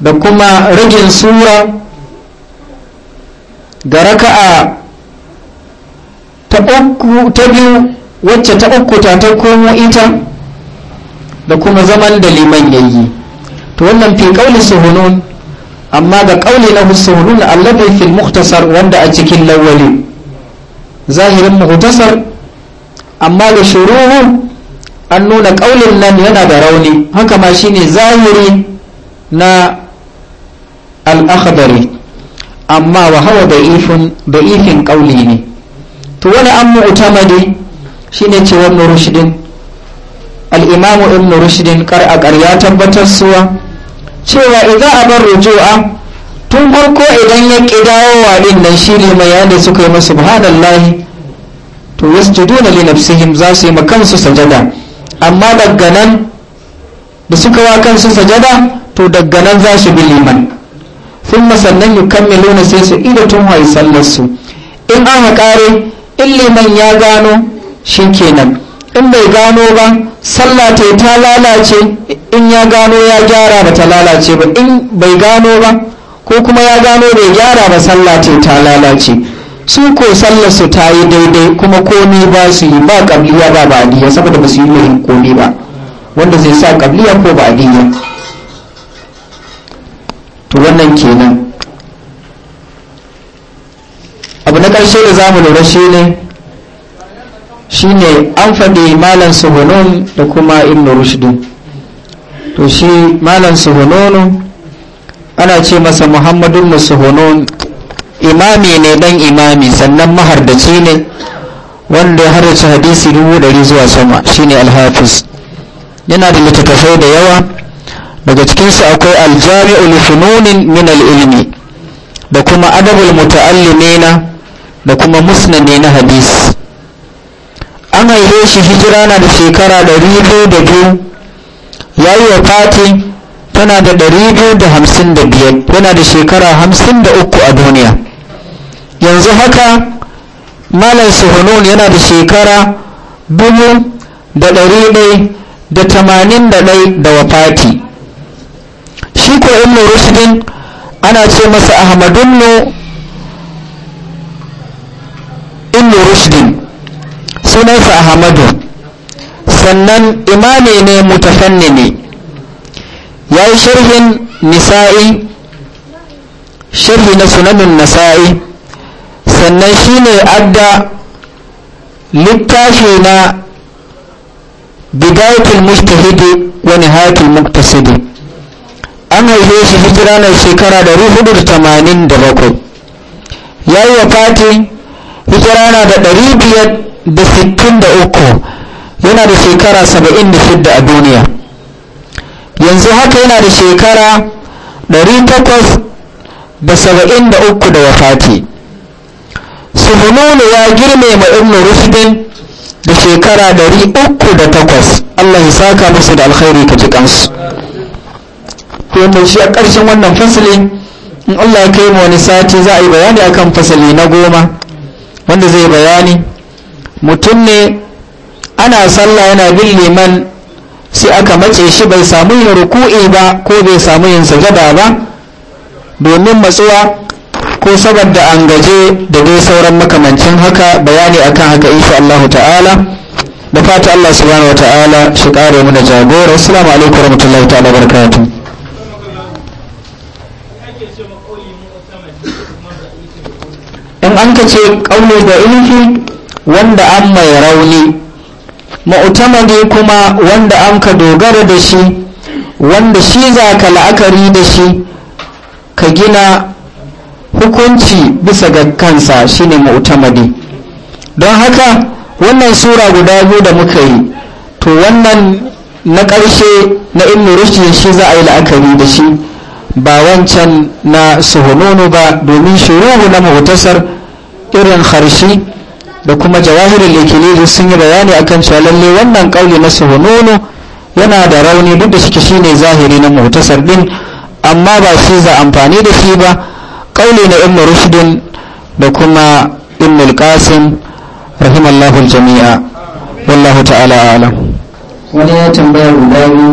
da kuma rigin sura ga raka'a ta biyu wacce ta uku ta ta komo ita da kuma zaman da liman yayi to wannan fi kauli suhunun amma ga kauli na husaunun allabi fil muhtasar wanda a cikin lawali zahirin muhtasar amma da shuruhu an nuna kaulin nan yana da rauni haka ma shine zahiri na al-akhdari amma wa hawa da ifin kauli ne to wani an mu'tamadi shine cewa ibn al-imamu ibn rushdin kar a ƙarya tabbatar suwa cewa a bar ruju'a tun farko idan ya ƙi dawowa din nan shi ne mai yadda suka yi masu subhanallahi to na lina nafsihim za su yi ma kansu sajada amma daga nan da suka wa kansu sajada to daga nan za su bi liman Sun yi sannan yukammiluna sai su ida tun hayi sallar su in aka kare in liman ya gano shi kenan in bai gano ba sallah ta yi ta lalace in ya gano ya gyara ba ta lalace ba in bai gano ba ko kuma ya gano bai gyara ba sallah ta yi ta lalace su ko sallar su ta yi daidai kuma komi ba su yi ba kabliya ba adiya saboda ba su yi mai komi ba wanda zai sa kabliya ko adiya to wannan kenan abu na ƙarshe da zamu lura shi ne shine an faɗi malan suhunun da kuma ibn rushdu to shi malan suhunun ana ce masa muhammadun suhunun imami ne dan imami sannan mahardaci ne wanda ya hardace hadisi dubu ɗari zuwa sama shine alhafiz yana da littattafai da yawa daga cikinsu akwai aljami'ul li fununin min al'ilmi da kuma adabul muta'allimina da kuma musnani na hadisi shi hijira na da shekara 202 ya yi wa fati tana da 255 yana da shekara 53 a duniya yanzu haka malam suhunun yana da shekara 1,181 da wafati shi ko inu rushdin ana ce masa ahmadunnu ibnu rushdin sunansa ahmadu sannan imami ne mutafannini ya yi sharhin nisa'i sharhi na sunanin nasa'i sannan shi ne adda littafi na bidayatul mujtahidi wa nihayatul muqtasidi an haife shi hijira na shekara da ruhudur tamanin da bakwai ya yi wa fati hijira na da ɗari biyar da sittin da uku yana da shekara saba'in da shidda a duniya yanzu haka yana da shekara ɗari takwas da saba'in da uku da wafati suhununu ya girme ma ibnu rufin da shekara ɗari uku da takwas allah ya saka musu da alkhairi ka ji kansu shi a ƙarshen wannan fasalin in allah ya kai wani sati za a yi bayani akan fasali na goma wanda zai bayani mutum ne ana sallah yana bin liman sai aka mace shi bai samu yin ruku'i ba ko bai samu yin sajada ba domin matsuwa ko saboda an gaje da dai sauran makamancin haka bayani akan haka insha Allah ta'ala da fata Allah subhanahu wa ta'ala shi kare mu da jagora assalamu alaikum warahmatullahi ta'ala barakatuh in an kace ce da ilfi wanda an mai rauni ma'utamadi kuma wanda an ka dogara da shi wanda shi za ka la'akari da shi ka gina hukunci bisa ga kansa shine mu'tamadi don haka wannan sura guda biyu da muka yi to wannan na ƙarshe na ibn rushd shi za a yi la'akari da shi ba wancan na suhununu ba domin shuruhu na mu'tasar irin harshe. da kuma jawahirin ikilili sun yi bayani akan cewa lalle wannan kauli na suhununu yana da rauni duk da shi shine zahiri na mutasar din amma ba shi za amfani da shi ba kauli na ibn rushdin da kuma ibn al-qasim rahimallahu al-jami'a wallahu ta'ala a'lam wani ya tambaya guda biyu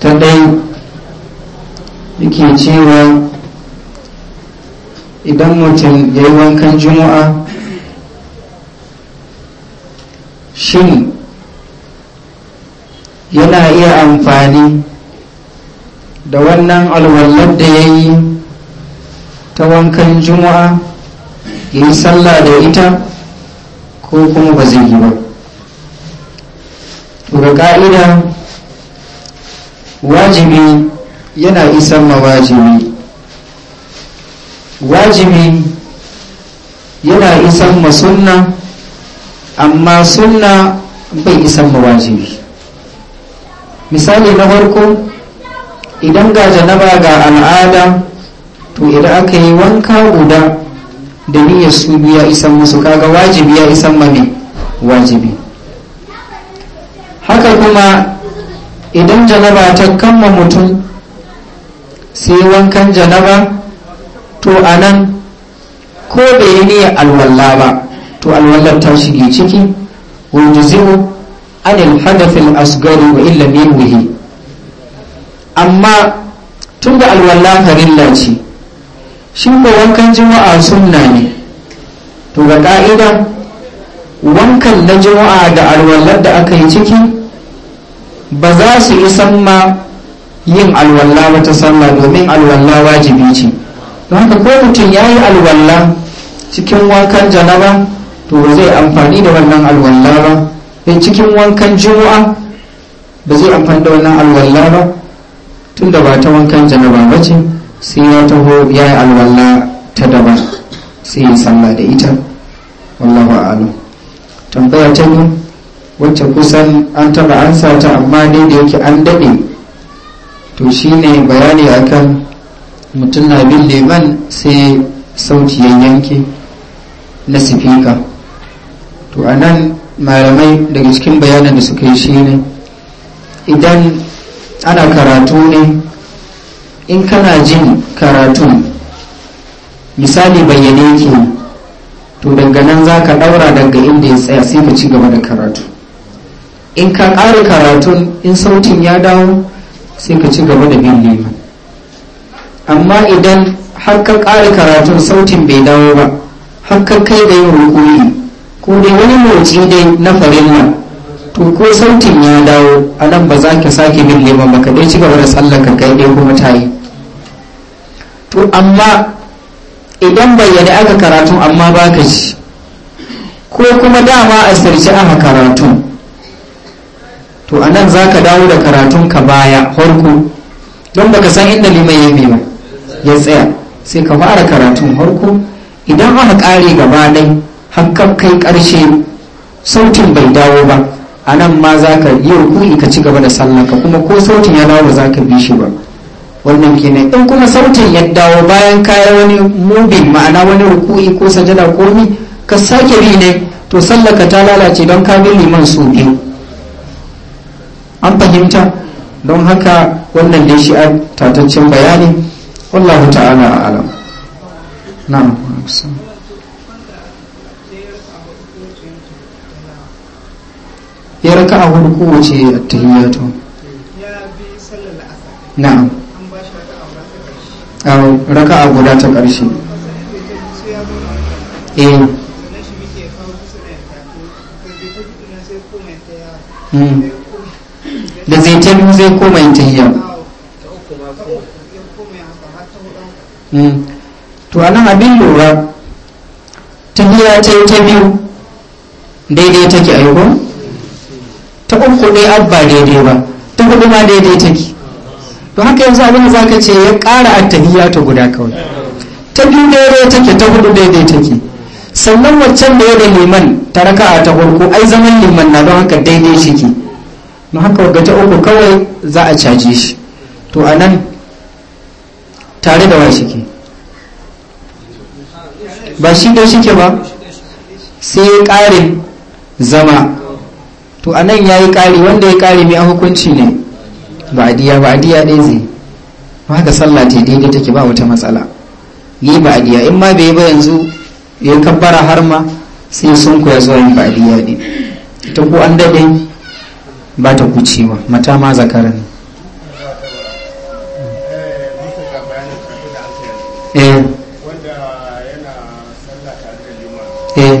ta dai yake cewa idan mutum ya yi wankan juma'a shin yana iya amfani da wannan alwallar da ya yi ta wankan juma'a ya yi sallah da ita ko kuma ba zai yi ba ga ka'ida wajibi yana isan ma wajibi wajibi yana isan ma sunna amma sunna bai isan mu misali na farko idan ga janaba ga al'ada to idan aka yi wanka guda da niyyar su biya isan musu kaga wajibi ya isan wajibi haka kuma idan janaba ta kama mutum sai wankan janaba to anan ko bai yi niyyar alwalla ba to alwallar ta shige ciki wa an ilhada hadathil asgari wa illa minwihi amma tun da alwallah harin ce shi ba wankan juma'a sunna ne to ga ka'ida wankan na juma'a da alwallar da aka yi ciki ba za su yi samma yin alwallah wata samma domin alwallah wajibi ce don haka ko mutum ya yi alwallah cikin wankan janaba to ba zai amfani da wannan alwallah ba in cikin wankan juma'a ba zai amfani da wannan alwallah ba tun da ba ta wankan janaba ba ce sai ya taho ya yi alwallah ta daban sai ya sallah da ita wallahu a'lam tambaya ta ne wacce kusan an taba sa ta amma dai da yake an dade to shine bayani akan mutum na bin liman sai sauti ya yanke na sifika to a nan malamai daga cikin bayanan da suka yi shi ne idan ana karatu ne in kana jin karatun misali bayyane ke to daga nan za ka ɗaura daga inda ya tsaya sai ka ci gaba da karatu in ka ƙara karatun in sautin ya dawo sai ka ci gaba da bin liman amma idan har ka ƙara karatun sautin bai dawo ba har ka kai da yin rukuni ko dai wani motsi dai na farin nan, to ko sautin ya dawo a nan ba za ka sake bin neman ba ka dai ci gaba da ka kai dai kuma ta yi to amma idan bayyane aka karatu amma ba ka ci ko kuma dama a sarci aka karatu to a nan za ka dawo da karatun ka baya harko don baka san inda liman ya ba ya tsaya sai ka fara karatun harko idan aka kare gaba dai. hakan kai ƙarshe sautin bai dawo ba a nan ma za ka yi rukuni ka ci gaba da sallah ka kuma ko sautin ya dawo za ka bi shi ba wannan kenan in kuma sautin ya dawo bayan kayan wani mubin ma'ana wani rukuni ko sajada ko ni ka sake bi ne to sallah ka ta lalace don ka bi liman su biyu an fahimta don haka wannan dai shi tataccen bayani wallahu ta'ala alam na'am ya raka a hudu kowace attahiyyatu na. a raka a guda ta ƙarshe eh hmm. da zai ta biyu zai koma yin tahiyya hmm. to a nan abin lura tahiyya ta yi ta biyu daidai take aiko ta uku dai abba daidai ba ta hudu ma daidai take to haka yanzu abin za ka ce ya ƙara attahiyya ta guda kawai ta biyu daidai take ta hudu daidai take sannan waccan da ya da liman ta raka a ta farko ai zaman liman na don haka daidai shi ke don haka wagga ta uku kawai za a caje shi to a nan tare da wa shi ke ba shi da shi ke ba sai ya ƙarin zama to a nan ya yi ƙari wanda ya ƙari mai hukunci ne ba'adiyya ba'adiyya ɗaya zai ba haka sallah ta daidai take ba wata matsala yi ba'adiyya in ma bai yi ba yanzu ya kabbara har ma sai sun koya zuwa yin ba'adiyya ne ta ko an daɗe ba ta kucewa mata ma zakaran eh eh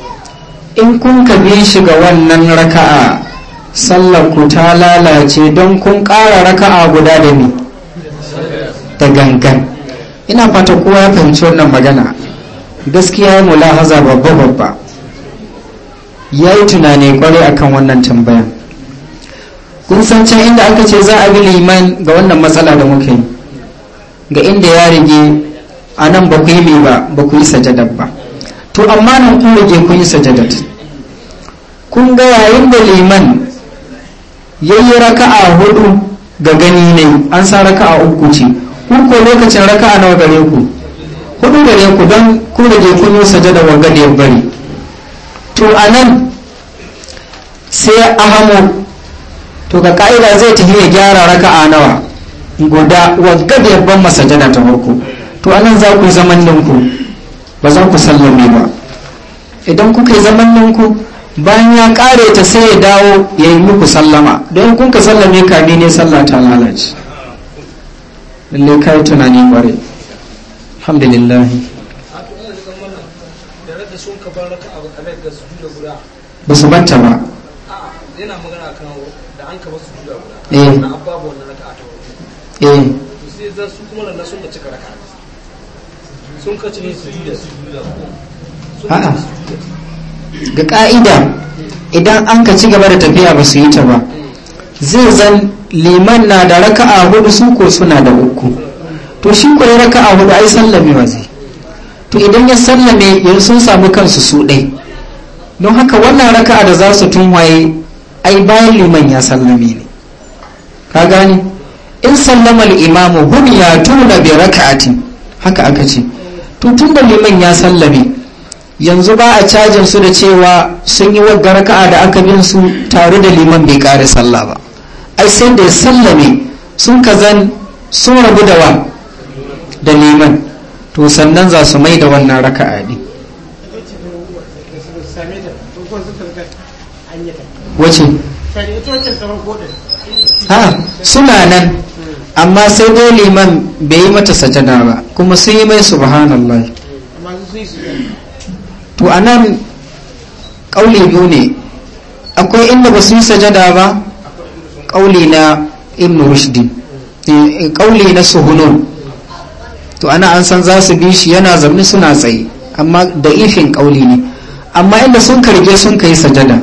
in kun ka bi shi ga wannan raka'a sallar ku ta lalace don kun ƙara raka'a guda da ni da gangan ina fata kowa ya fahimci wannan magana gaskiya mulahaza babba babba ya yi tunani kwarai akan wannan tambayan kun san can inda aka ce za a bi liman ga wannan matsala da muke ga inda ya rige a nan ba ku yi ba ba ku yi sajadar ba to amma nan kun ke kun yi sajadat kun ga yayin da liman ya yi raka'a hudu ga gani ne an sa raka'a uku ce kun ko lokacin raka'a nawa gare ku hudu gare ku don kun rage kun yi sajada wa gade bari to anan sai ahamu to ga ka'ida zai tafi ya gyara raka'a nawa guda wa gade ban masajada ta farko to anan za ku yi zaman ninku ba za ku sallame ba idan kuka yi zaman nan ku bayan ya kare ta sai ya dawo ya yi muku sallama don kun ka sallame ka ne ne sallah ta lalace lalle ka yi tunani kwarai alhamdulillah ba su banta ba Eh eh sun ne a'a ga ka'ida idan an ka ci gaba da tafiya ba su yi ta ba zai zan liman na da raka'a hudu su ko suna da uku to shi ko ya raka'a hudu ai sallame wa zai to idan ya sallame ya sun samu kansu su ɗai don haka wannan raka'a da za su tun waye ai bayan liman ya sallame ne ka gane in sallama al-imamu hum ya tuna bi raka'atin haka aka ce to tun da liman ya sallame yanzu ba a cajin su da cewa sun yi wagga raka'a da aka bin su tare da liman bai kare sallah ba ai sai da ya sallame sun kazan sun rabu da wa da liman to sannan za su mai da wannan raka'a ne wace ha suna nan amma sai dai liman bai yi mata sajada ba kuma sun yi mai subhanallah to a nan ƙauli biyu ne akwai inda ba su yi sajada ba ƙauli na ibn rushdi eh, ƙauli na suhunun to ana an san za su bi shi yana zaune suna tsaye amma da ifin ƙauli ne amma inda sun karge sun kai sajada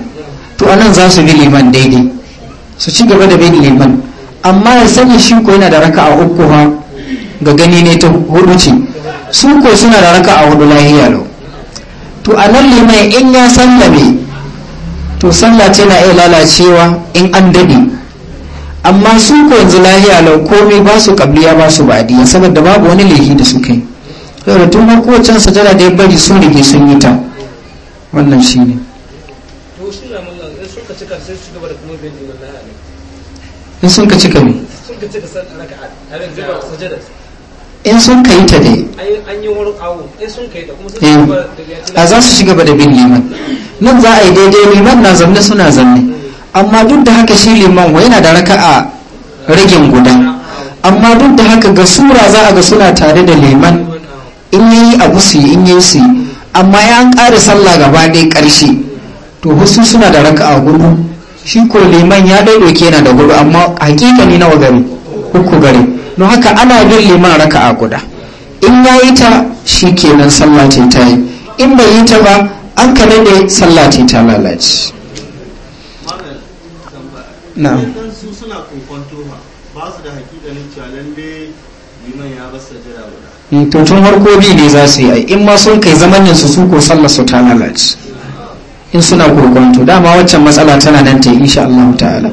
to anan za su bi liman daidai su ci gaba da bin liman amma ya sani shi ko yana da raka'a uku ha ga gani ne ta hudu ce su ko suna da raka'a hudu lahiya lau to a nan liman in ya sallame to sallah ce na iya lalacewa in an daɗe amma su ko yanzu lahiya lau komai ba su kabliya ba su badiya saboda babu wani lehi da suke yi da tun har kowace sajada da ya bari sun ke sun yi ta wannan shi ne in sun ka cika mu in sun ka yi ta dai eh, a za su shiga da bin liman nan za a yi daidai liman na zanne suna zanne amma duk da haka shi liman wa yana da raka'a ragin guda amma duk da haka ga sura za a ga suna tare da liman in yi abu su yi in yi su yi. amma ya an ƙare sallah gaba ɗaya ƙarshe to wasu suna da raka'a gudu shi ko liman ya ɗaiɗauke yana da gudu amma hakika ne nawa gari uku gari no haka ana bin liman raka a guda in ya yi ta shi kenan sallah ta yi in bai yi ta ba an ka ne sallah ta lalace na hmm, to harko bi ne za su yi in ma sun kai zamanin su su ko sallar su ta lalace in suna gurgunto dama waccan matsala tana nan ta yi insha Allah ta'ala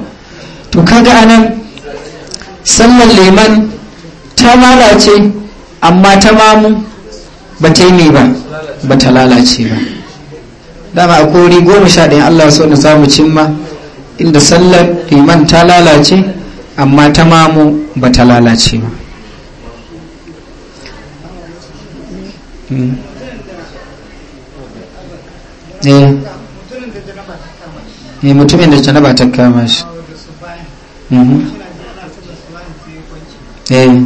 to kaga anan sallar liman ta lalace amma ta mamu ba ta yi ne ba ba ta lalace ba dama akwai kori goma sha ɗaya Allah so na samu cimma inda sallar liman ta lalace amma ta mamu ba ta lalace ba Yeah. Hmm. eh mutumin da janaba ta kama shi mhm. eh.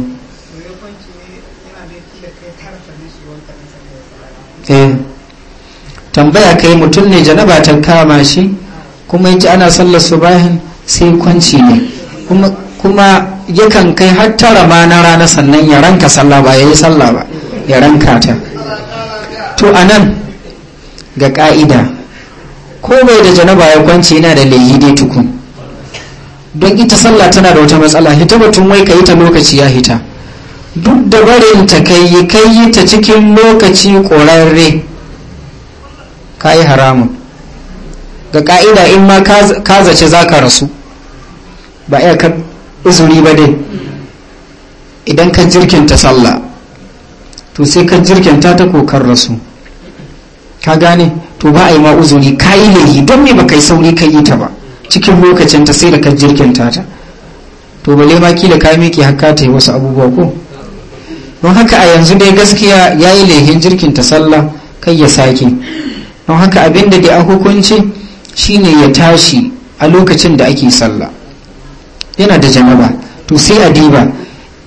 Eh. tambaya kai mutum ne janaba ta kama shi kuma yaji ana sallar su bayan sai kwanci ne kuma yakan kai hattara ma na rana sannan ya ranka salla ba ya yi salla ba ya ranka ta to anan ga ka'ida ko mai da janaba ya kwance yana da layi dai tukun don ita sallah tana da wata matsala hita batun wai ka yi ta lokaci ya hita duk da barin ta kai kai yi ta cikin lokaci ƙorarre ka yi haramun ga ka'ida in ma ka zace za ka rasu ba iya ka izuri ba dai idan ka jirkinta sallah to sai ka jirkinta ta kokar rasu ka gane to ba a yi ma uzuri ka yi laifi don me baka yi sauri ka yi ta ba cikin lokacin ta sai da ka jirkinta ta to bale ma da ka miki hakka ta yi wasu abubuwa ko don haka a yanzu dai gaskiya ya yi laifin ta sallah kai ya sake don haka abin da dai a hukunci shine ya tashi a lokacin da ake sallah yana da janaba to sai a diba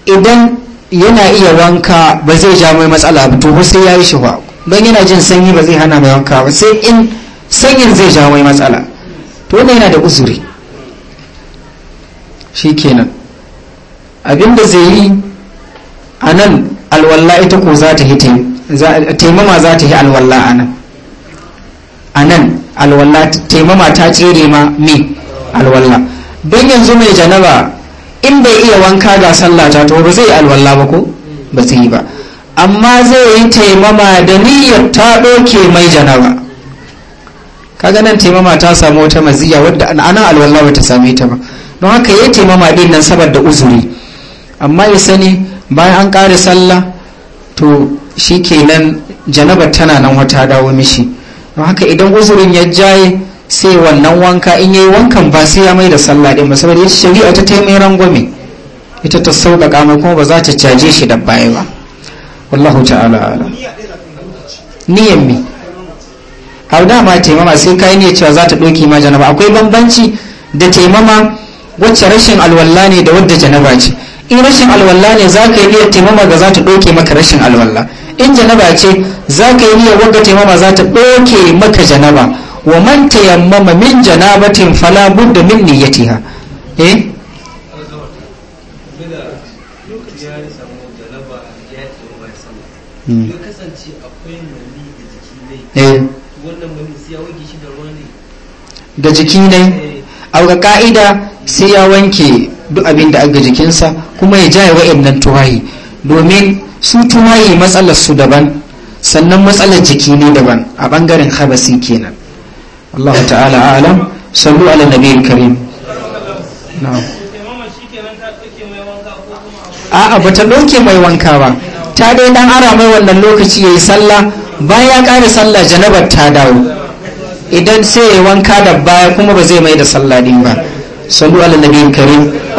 idan yana iya wanka ba zai ja mai matsala ba to sai ya yi shi don yana jin sanyi ba zai hana mai wanka ba sai in sanyin zai jawo mai matsala to wannan yana da uzuri shikenan abinda zai yi a nan alwallah ita ko za ta yi taimama za ta yi alwallah a nan a nan alwallah taimama ta cire ma me alwallah don yanzu mai janaba in bai iya wanka ga sallah ta to ba zai alwallah ba ko ba zai yi ba amma zai yi taimama da niyyar ta ɗauke mai janaba kaga nan taimama ta samu wata maziya wadda ana alwala ba ta same ta ba don haka ya taimama din nan saboda uzuri amma ya sani bayan an ƙare sallah to shi kenan janaba tana nan wata dawo mishi don haka idan uzurin ya jaye sai wannan wanka in yayi wankan ba sai ya mai da sallah din ba saboda shari'a ta taimai rangwame ita ta sauƙaƙa mai kuma ba za ta caje shi da baya ba wallahu ta'ala ala niyan me har ma taimama sai kai ne cewa za ta doki ma janaba akwai bambanci da taimama wacce rashin alwalla ne da wadda janaba ce in rashin alwalla ne za ka yi niyyar taimama ga za ta doke maka rashin alwalla in janaba ce za ka yi niyyar wadda taimama za ta doke maka janaba wa man tayammama min janabatin fala budda min niyyatiha eh Hmm. ga jiki ne eh. a eh. ga ka'ida sai ya wanke duk abin da aga jikinsa kuma ya jaye waɗannan tuwayi domin su tuwayi matsalar su daban sannan matsalar jiki ne daban a bangaren habasi kenan Allah ta'ala alam sallu ala Nabi karim a'a ba ta ɗauke mai wanka ba ta dai dan ara mai wannan lokaci ya yi sallah bayan ya ƙare sallah janabar ta dawo idan sai ya wanka da baya kuma ba zai mai da sallah din ba sallu ala nabiyyin karim